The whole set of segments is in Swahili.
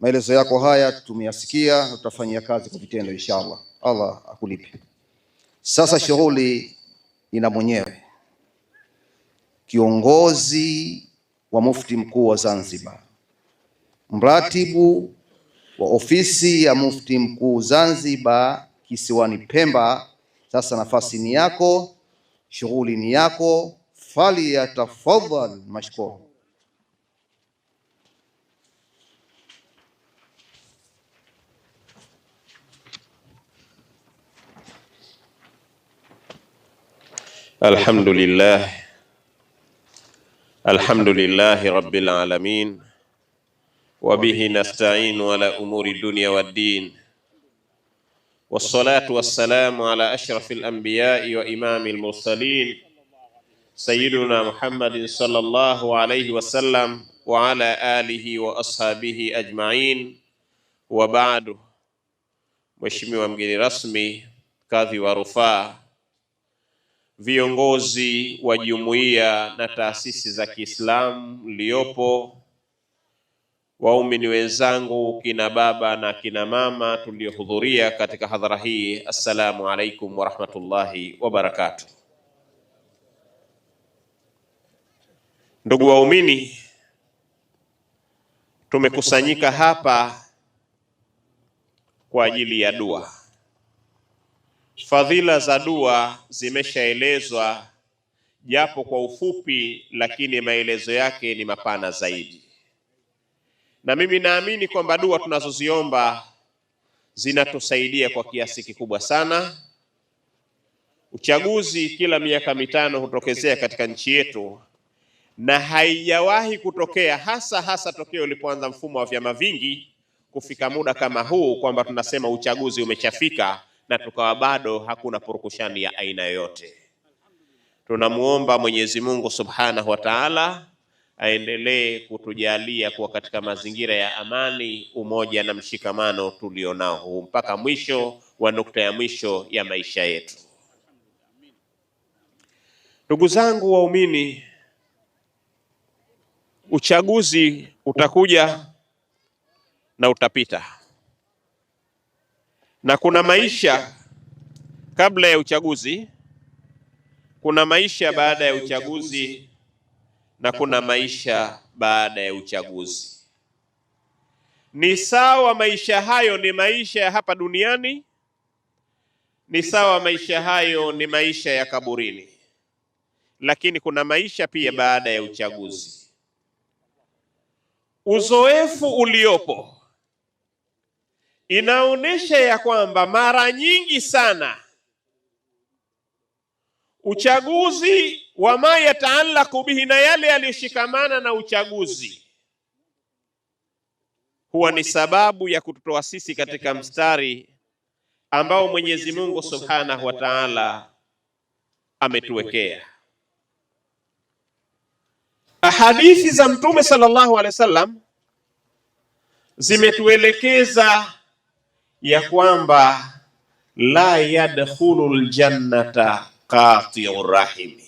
Maelezo yako haya tumeyasikia, tutafanyia kazi kwa vitendo inshallah. Allah akulipe. Sasa shughuli ina mwenyewe. Kiongozi wa mufti mkuu wa Zanzibar, mratibu wa ofisi ya mufti mkuu Zanzibar kisiwani Pemba. Sasa nafasi ni yako, shughuli ni yako, falyatafadhal mashkuru. الحمد لله الحمد لله رب العالمين وبه نستعين على امور الدنيا والدين والصلاه والسلام على اشرف الانبياء وامام المرسلين سيدنا محمد صلى الله عليه وسلم وعلى اله واصحابه اجمعين وبعد مشمي mgeni رسمي kadhi ورفاه viongozi wa jumuiya na taasisi za Kiislamu mliopo, waumini wenzangu, kina baba na kina mama tuliohudhuria katika hadhara hii, assalamu alaikum warahmatullahi wabarakatuh. Ndugu waumini, tumekusanyika hapa kwa ajili ya dua Fadhila za dua zimeshaelezwa japo kwa ufupi, lakini maelezo yake ni mapana zaidi, na mimi naamini kwamba dua tunazoziomba zinatusaidia kwa kiasi kikubwa sana. Uchaguzi kila miaka mitano hutokezea katika nchi yetu, na haijawahi kutokea hasa hasa tokeo ulipoanza mfumo wa vyama vingi, kufika muda kama huu kwamba tunasema uchaguzi umeshafika na tukawa bado hakuna purukushani ya aina yoyote. Tunamuomba Mwenyezi Mungu Subhanahu wa Ta'ala aendelee kutujalia kuwa katika mazingira ya amani, umoja na mshikamano tulionao huu mpaka mwisho wa nukta ya mwisho ya maisha yetu. Ndugu zangu waumini, uchaguzi utakuja na utapita na kuna maisha kabla ya uchaguzi, kuna maisha baada ya uchaguzi na kuna maisha baada ya uchaguzi. Ni sawa, maisha hayo ni maisha ya hapa duniani, ni sawa, maisha hayo ni maisha ya kaburini, lakini kuna maisha pia baada ya uchaguzi. Uzoefu uliopo inaonyesha ya kwamba mara nyingi sana uchaguzi wa ma yataalaku bihi, na yale yaliyoshikamana na uchaguzi huwa ni sababu ya kututoa sisi katika mstari ambao Mwenyezi Mungu Subhanahu wa Ta'ala ametuwekea. Ahadithi za Mtume sallallahu alaihi wasallam zimetuelekeza ya kwamba la yadkhulu ljannata qatiu rahimi,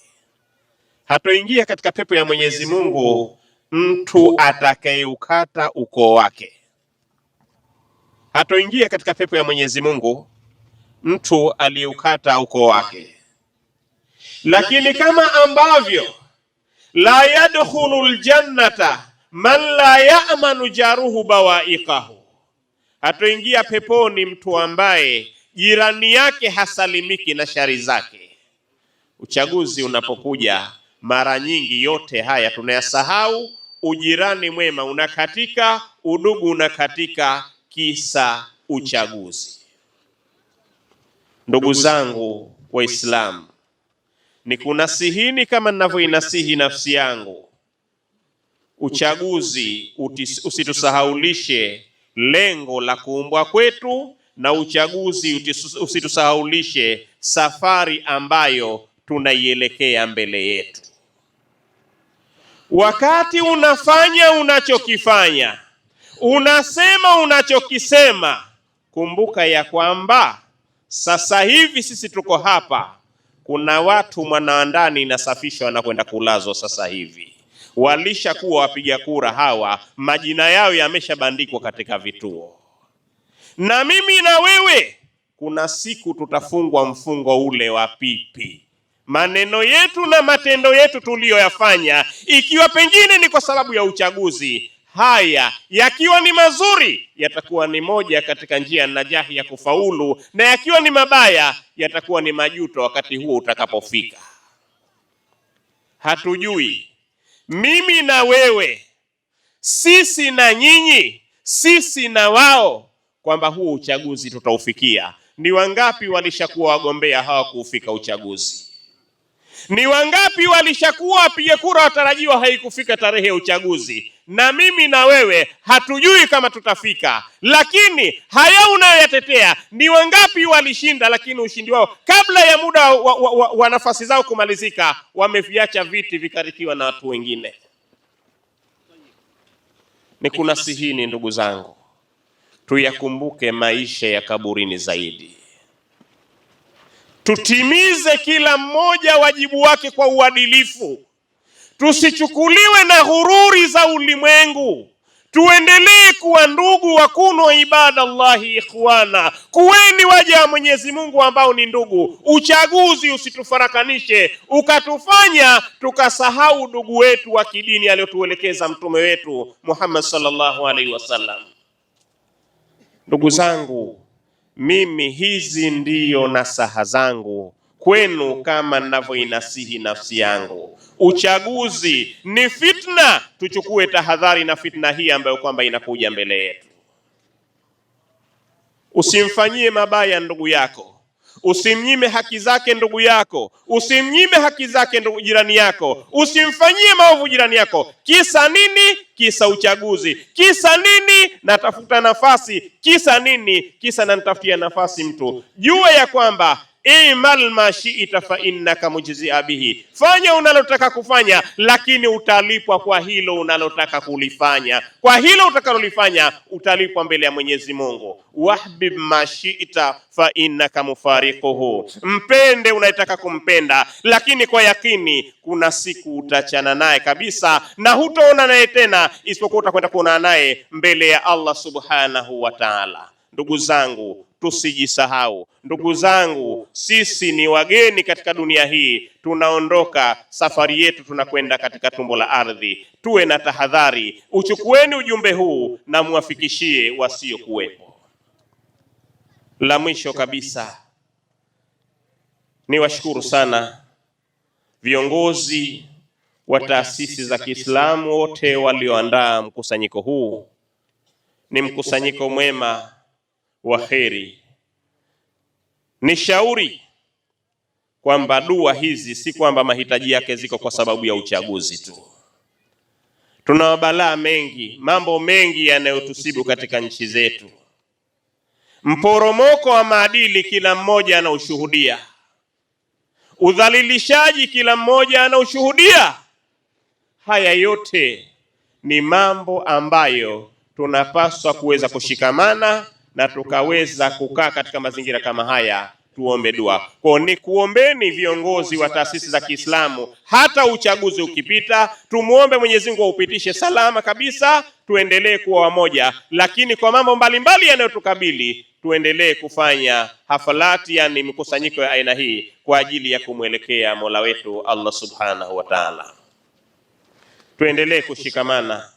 hatoingia katika pepo ya Mwenyezi Mungu mtu atakayeukata ukoo wake, hatoingia katika pepo ya Mwenyezi Mungu mtu aliyeukata ukoo wake. Lakini kama ambavyo la yadkhulu ljannata man la ya'manu jaruhu bawaikahu Hatoingia peponi mtu ambaye jirani yake hasalimiki na shari zake. Uchaguzi unapokuja, mara nyingi yote haya tunayasahau. Ujirani mwema unakatika, udugu unakatika, kisa uchaguzi. Ndugu zangu Waislamu, ni kunasihini kama ninavyoinasihi nafsi yangu, uchaguzi usitusahaulishe lengo la kuumbwa kwetu, na uchaguzi usitusahaulishe safari ambayo tunaielekea mbele yetu. Wakati unafanya unachokifanya, unasema unachokisema, kumbuka ya kwamba sasa hivi sisi tuko hapa, kuna watu mwanaandani inasafishwa na kwenda kulazwa sasa hivi walishakuwa wapiga kura hawa, majina yao yameshabandikwa katika vituo. Na mimi na wewe, kuna siku tutafungwa mfungo ule wa pipi maneno yetu na matendo yetu tuliyoyafanya, ikiwa pengine ni kwa sababu ya uchaguzi. Haya yakiwa ni mazuri, yatakuwa ni moja katika njia najahi ya kufaulu, na yakiwa ni mabaya, yatakuwa ni majuto wakati huo utakapofika. Hatujui mimi na wewe, sisi na nyinyi, sisi na wao, kwamba huo uchaguzi tutaufikia. Ni wangapi walishakuwa wagombea hawakuufika uchaguzi? Ni wangapi walishakuwa wapiga kura watarajiwa, haikufika tarehe ya uchaguzi? Na mimi na wewe hatujui kama tutafika, lakini haya unayoyatetea, ni wangapi walishinda, lakini ushindi wao kabla ya muda wa, wa, wa, wa nafasi zao kumalizika, wameviacha viti vikarikiwa na watu wengine? Ni kuna sihini, ndugu zangu, tuyakumbuke maisha ya kaburini zaidi tutimize kila mmoja wajibu wake kwa uadilifu, tusichukuliwe na ghururi za ulimwengu, tuendelee kuwa ndugu. Wakuno ibadallahi ikhwana, kuweni waja wa Mwenyezi Mungu ambao ni ndugu. Uchaguzi usitufarakanishe ukatufanya tukasahau ndugu wetu wa kidini aliyotuelekeza mtume wetu Muhammad sallallahu alaihi wasallam. Ndugu zangu mimi hizi ndiyo nasaha zangu kwenu kama ninavyoinasihi nafsi yangu. Uchaguzi ni fitna, tuchukue tahadhari na fitna hii ambayo kwamba inakuja mbele yetu. Usimfanyie mabaya ndugu yako Usimnyime haki zake ndugu yako, usimnyime haki zake ndugu jirani yako, usimfanyie maovu jirani yako. Kisa nini? Kisa uchaguzi. Kisa nini? Natafuta nafasi. Kisa nini? Kisa nanitafutia nafasi mtu. Jua ya kwamba imal mashita shi'ta fa innaka mujzia bihi, fanya unalotaka kufanya, lakini utalipwa kwa hilo unalotaka kulifanya. Kwa hilo utakalolifanya utalipwa mbele ya Mwenyezi Mungu. wahbib mashita shi'ta fa innaka mufariquhu, mpende unayetaka kumpenda, lakini kwa yakini kuna siku utachana naye kabisa na hutoona naye tena, isipokuwa utakwenda kuona naye mbele ya Allah subhanahu wa ta'ala. Ndugu zangu, tusijisahau. Ndugu zangu, sisi ni wageni katika dunia hii, tunaondoka. Safari yetu tunakwenda katika tumbo la ardhi. Tuwe na tahadhari. Uchukueni ujumbe huu na mwafikishie wasiokuwepo. La mwisho kabisa, niwashukuru sana viongozi wa taasisi za Kiislamu wote walioandaa mkusanyiko huu. Ni mkusanyiko mwema wa kheri. Ni shauri kwamba dua hizi si kwamba mahitaji yake ziko kwa sababu ya uchaguzi tu. Tuna mabalaa mengi, mambo mengi yanayotusibu katika nchi zetu. Mporomoko wa maadili kila mmoja anaushuhudia, udhalilishaji kila mmoja anaushuhudia. Haya yote ni mambo ambayo tunapaswa kuweza kushikamana na tukaweza kukaa katika mazingira kama haya tuombe dua. Kwa ni kuombeni viongozi wa taasisi za Kiislamu, hata uchaguzi ukipita, tumuombe Mwenyezi Mungu aupitishe salama kabisa, tuendelee kuwa wamoja. Lakini kwa mambo mbalimbali yanayotukabili, tuendelee kufanya hafalati, yani mikusanyiko ya aina hii kwa ajili ya kumwelekea Mola wetu Allah Subhanahu wa Ta'ala. Tuendelee kushikamana,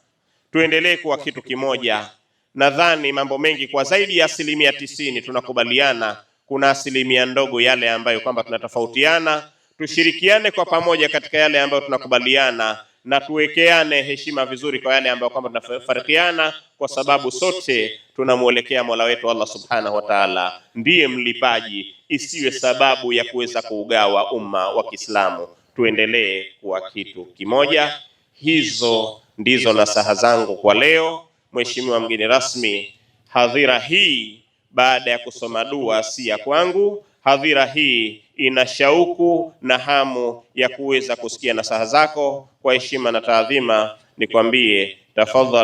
tuendelee kuwa kitu kimoja nadhani mambo mengi kwa zaidi ya asilimia tisini tunakubaliana. Kuna asilimia ndogo yale ambayo kwamba tunatofautiana. Tushirikiane kwa pamoja katika yale ambayo tunakubaliana na tuwekeane heshima vizuri kwa yale ambayo kwamba tunafarikiana, kwa sababu sote tunamwelekea Mola wetu Allah Subhanahu wa Ta'ala, ndiye mlipaji, isiwe sababu ya kuweza kuugawa umma wa Kiislamu. Tuendelee kuwa kitu kimoja. Hizo ndizo nasaha zangu kwa leo. Mheshimiwa mgeni rasmi, hadhira hii baada ya kusoma dua si ya kwangu, hadhira hii ina shauku na hamu ya kuweza kusikia nasaha zako. Kwa heshima na taadhima, nikwambie tafadhali.